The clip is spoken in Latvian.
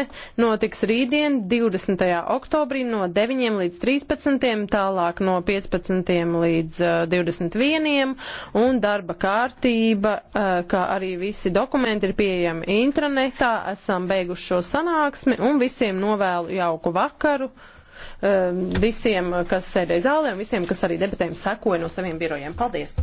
debate notiks rītdien 20. oktobrī no 9 līdz 13, tālāk no 15 līdz 21 eh, un darba kārtība, eh, kā arī visi dokumenti ir pieejami intranetā. Esam beiguši šo sanāksmi un visiem novēlu jauku vakaru eh, visiem, kas sēdēja zālē un visiem, kas arī debatēm sekoja no saviem birojiem. Paldies!